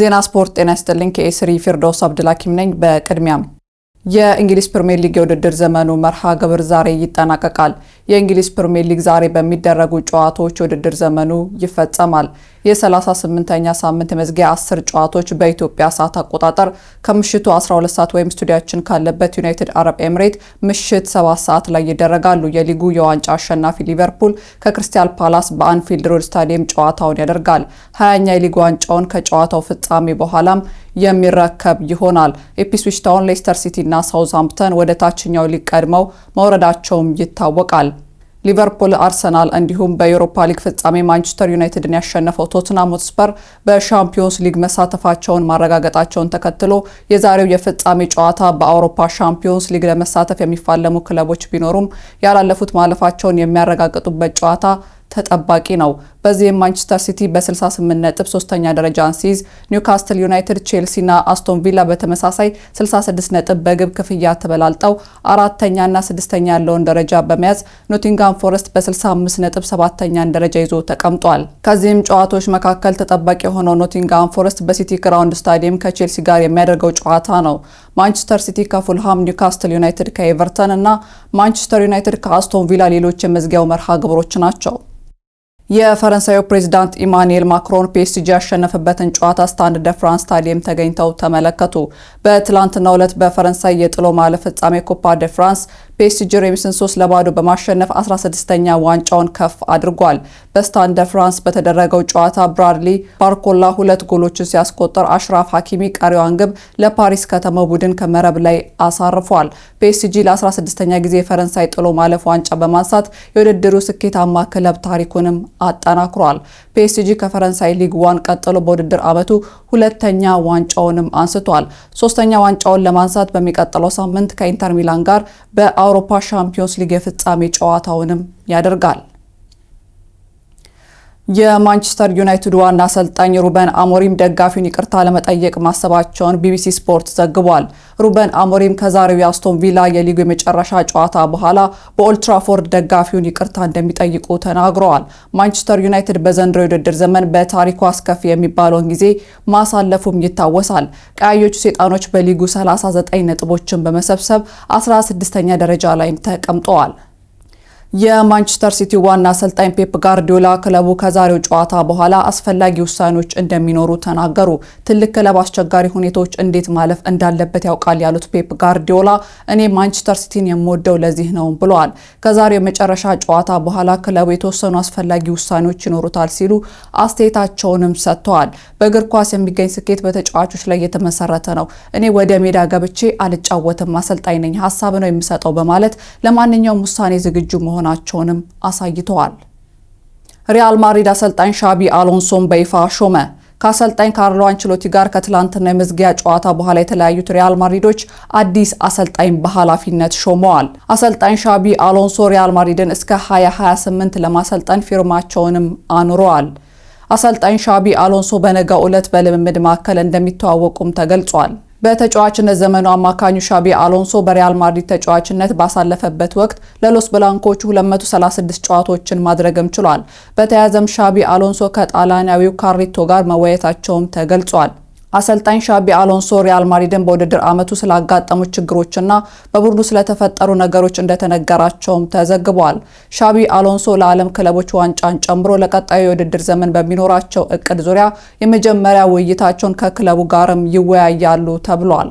ዜና ስፖርት ጤና ይስጥልኝ። ከኤስሪ ፊርዶስ አብድላኪም ነኝ። በቅድሚያም የእንግሊዝ ፕሪምየር ሊግ የውድድር ዘመኑ መርሃ ግብር ዛሬ ይጠናቀቃል። የእንግሊዝ ፕሪምየር ሊግ ዛሬ በሚደረጉ ጨዋታዎች የውድድር ዘመኑ ይፈጸማል። የ38ኛ ሳምንት የመዝጊያ 10 ጨዋታዎች በኢትዮጵያ ሰዓት አቆጣጠር ከምሽቱ 12 ሰዓት ወይም ስቱዲያችን ካለበት ዩናይትድ አረብ ኤምሬት ምሽት 7 ሰዓት ላይ ይደረጋሉ። የሊጉ የዋንጫ አሸናፊ ሊቨርፑል ከክሪስታል ፓላስ በአንፊልድ ሮድ ስታዲየም ጨዋታውን ያደርጋል። ሀያኛ የሊግ ዋንጫውን ከጨዋታው ፍጻሜ በኋላም የሚረከብ ይሆናል። ኢፕስዊች ታውን፣ ሌስተር ሲቲ እና ሳውዝሃምፕተን ወደ ታችኛው ሊግ ቀድመው መውረዳቸውም ይታወቃል። ሊቨርፑል፣ አርሰናል እንዲሁም በዩሮፓ ሊግ ፍጻሜ ማንቸስተር ዩናይትድን ያሸነፈው ቶትናም ሆትስፐር በሻምፒዮንስ ሊግ መሳተፋቸውን ማረጋገጣቸውን ተከትሎ የዛሬው የፍጻሜ ጨዋታ በአውሮፓ ሻምፒዮንስ ሊግ ለመሳተፍ የሚፋለሙ ክለቦች ቢኖሩም ያላለፉት ማለፋቸውን የሚያረጋግጡበት ጨዋታ ተጠባቂ ነው። በዚህም ማንቸስተር ሲቲ በ68 ነጥብ ሶስተኛ ደረጃን ሲይዝ ኒውካስትል ዩናይትድ፣ ና አስቶን ቪላ በተመሳሳይ 66 ነጥብ በግብ ክፍያ ተበላልጠው አራተኛና ስድስተኛ ያለውን ደረጃ በመያዝ ኖቲንጋም ፎረስት በ65 ነጥብ ሰባተኛን ደረጃ ይዞ ተቀምጧል። ከዚህም ጨዋታዎች መካከል ተጠባቂ የሆነው ኖቲንጋም ፎረስት በሲቲ ግራውንድ ስታዲየም ከቼልሲ ጋር የሚያደርገው ጨዋታ ነው። ማንቸስተር ሲቲ ከፉልሃም፣ ኒውካስትል ዩናይትድ ከኤቨርተን እና ማንቸስተር ዩናይትድ ከአስቶን ቪላ ሌሎች የመዝጊያው መርሃ ግብሮች ናቸው። የፈረንሳዩ ፕሬዚዳንት ኢማኑኤል ማክሮን ፒኤስጂ ያሸነፈበትን ጨዋታ ስታንድ ደ ፍራንስ ስታዲየም ተገኝተው ተመለከቱ። በትላንትናው ዕለት በፈረንሳይ የጥሎ ማለፍ ፍጻሜ ኮፓ ደ ፍራንስ ፒኤስጂ ሬምስን 3 ለባዶ በማሸነፍ 16ኛ ዋንጫውን ከፍ አድርጓል። በስታንደ ፍራንስ በተደረገው ጨዋታ ብራድሊ ባርኮላ ሁለት ጎሎችን ሲያስቆጠር አሽራፍ ሐኪሚ ቀሪዋን ግብ ለፓሪስ ከተማው ቡድን ከመረብ ላይ አሳርፏል። ፒኤስጂ ለ16ኛ ጊዜ የፈረንሳይ ጥሎ ማለፍ ዋንጫ በማንሳት የውድድሩ ስኬታማ ክለብ ታሪኩንም አጠናክሯል። ፒኤስጂ ከፈረንሳይ ሊግ ዋን ቀጥሎ በውድድር ዓመቱ ሁለተኛ ዋንጫውንም አንስቷል። ሶስተኛ ዋንጫውን ለማንሳት በሚቀጥለው ሳምንት ከኢንተር ሚላን ጋር በ የአውሮፓ ሻምፒዮንስ ሊግ የፍጻሜ ጨዋታውንም ያደርጋል። የማንቸስተር ዩናይትድ ዋና አሰልጣኝ ሩበን አሞሪም ደጋፊውን ይቅርታ ለመጠየቅ ማሰባቸውን ቢቢሲ ስፖርት ዘግቧል። ሩበን አሞሪም ከዛሬው የአስቶን ቪላ የሊጉ የመጨረሻ ጨዋታ በኋላ በኦልትራፎርድ ደጋፊውን ይቅርታ እንደሚጠይቁ ተናግረዋል። ማንቸስተር ዩናይትድ በዘንድሮ የውድድር ዘመን በታሪኩ አስከፊ የሚባለውን ጊዜ ማሳለፉም ይታወሳል። ቀያዮቹ ሰይጣኖች በሊጉ 39 ነጥቦችን በመሰብሰብ 16ኛ ደረጃ ላይ ተቀምጠዋል። የማንቸስተር ሲቲ ዋና አሰልጣኝ ፔፕ ጋርዲዮላ ክለቡ ከዛሬው ጨዋታ በኋላ አስፈላጊ ውሳኔዎች እንደሚኖሩ ተናገሩ። ትልቅ ክለብ አስቸጋሪ ሁኔታዎች እንዴት ማለፍ እንዳለበት ያውቃል ያሉት ፔፕ ጋርዲዮላ እኔ ማንቸስተር ሲቲን የምወደው ለዚህ ነው ብለዋል። ከዛሬው የመጨረሻ ጨዋታ በኋላ ክለቡ የተወሰኑ አስፈላጊ ውሳኔዎች ይኖሩታል ሲሉ አስተያየታቸውንም ሰጥተዋል። በእግር ኳስ የሚገኝ ስኬት በተጫዋቾች ላይ የተመሰረተ ነው። እኔ ወደ ሜዳ ገብቼ አልጫወትም፣ አሰልጣኝ ነኝ፣ ሀሳብ ነው የምሰጠው በማለት ለማንኛውም ውሳኔ ዝግጁ መሆን መሆናቸውንም አሳይተዋል። ሪያል ማድሪድ አሰልጣኝ ሻቢ አሎንሶን በይፋ ሾመ። ከአሰልጣኝ ካርሎ አንችሎቲ ጋር ከትላንትና የመዝጊያ ጨዋታ በኋላ የተለያዩት ሪያል ማድሪዶች አዲስ አሰልጣኝ በኃላፊነት ሾመዋል። አሰልጣኝ ሻቢ አሎንሶ ሪያል ማድሪድን እስከ 2028 ለማሰልጠን ፊርማቸውንም አኑረዋል። አሰልጣኝ ሻቢ አሎንሶ በነጋ ዕለት በልምምድ ማዕከል እንደሚተዋወቁም ተገልጿል። በተጫዋችነት ዘመኑ አማካኙ ሻቢ አሎንሶ በሪያል ማድሪድ ተጫዋችነት ባሳለፈበት ወቅት ለሎስ ብላንኮቹ 236 ጨዋታዎችን ማድረግም ችሏል። በተያያዘም ሻቢ አሎንሶ ከጣሊያናዊው ካሪቶ ጋር መወያየታቸውም ተገልጿል። አሰልጣኝ ሻቢ አሎንሶ ሪያል ማድሪድን በውድድር ዓመቱ ስላጋጠሙ ችግሮችና በቡድኑ ስለተፈጠሩ ነገሮች እንደተነገራቸውም ተዘግቧል። ሻቢ አሎንሶ ለዓለም ክለቦች ዋንጫን ጨምሮ ለቀጣዩ የውድድር ዘመን በሚኖራቸው እቅድ ዙሪያ የመጀመሪያ ውይይታቸውን ከክለቡ ጋርም ይወያያሉ ተብሏል።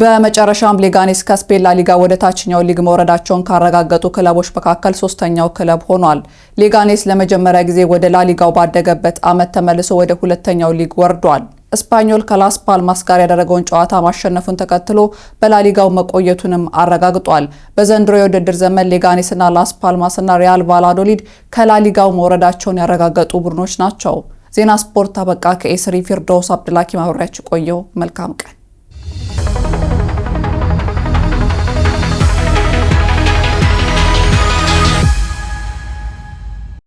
በመጨረሻም ሌጋኔስ ከስፔን ላሊጋ ወደ ታችኛው ሊግ መውረዳቸውን ካረጋገጡ ክለቦች መካከል ሶስተኛው ክለብ ሆኗል። ሌጋኔስ ለመጀመሪያ ጊዜ ወደ ላሊጋው ባደገበት ዓመት ተመልሶ ወደ ሁለተኛው ሊግ ወርዷል። ስፓኞል ከላስ ፓልማስ ጋር ያደረገውን ጨዋታ ማሸነፉን ተከትሎ በላሊጋው መቆየቱንም አረጋግጧል። በዘንድሮ የውድድር ዘመን ሌጋኔስና ላስ ፓልማስና ሪያል ቫላዶሊድ ከላሊጋው መውረዳቸውን ያረጋገጡ ቡድኖች ናቸው። ዜና ስፖርት አበቃ። ከኤስሪ ፊርዶስ አብድላኪ ማብሪያችሁ ቆየው። መልካም ቀን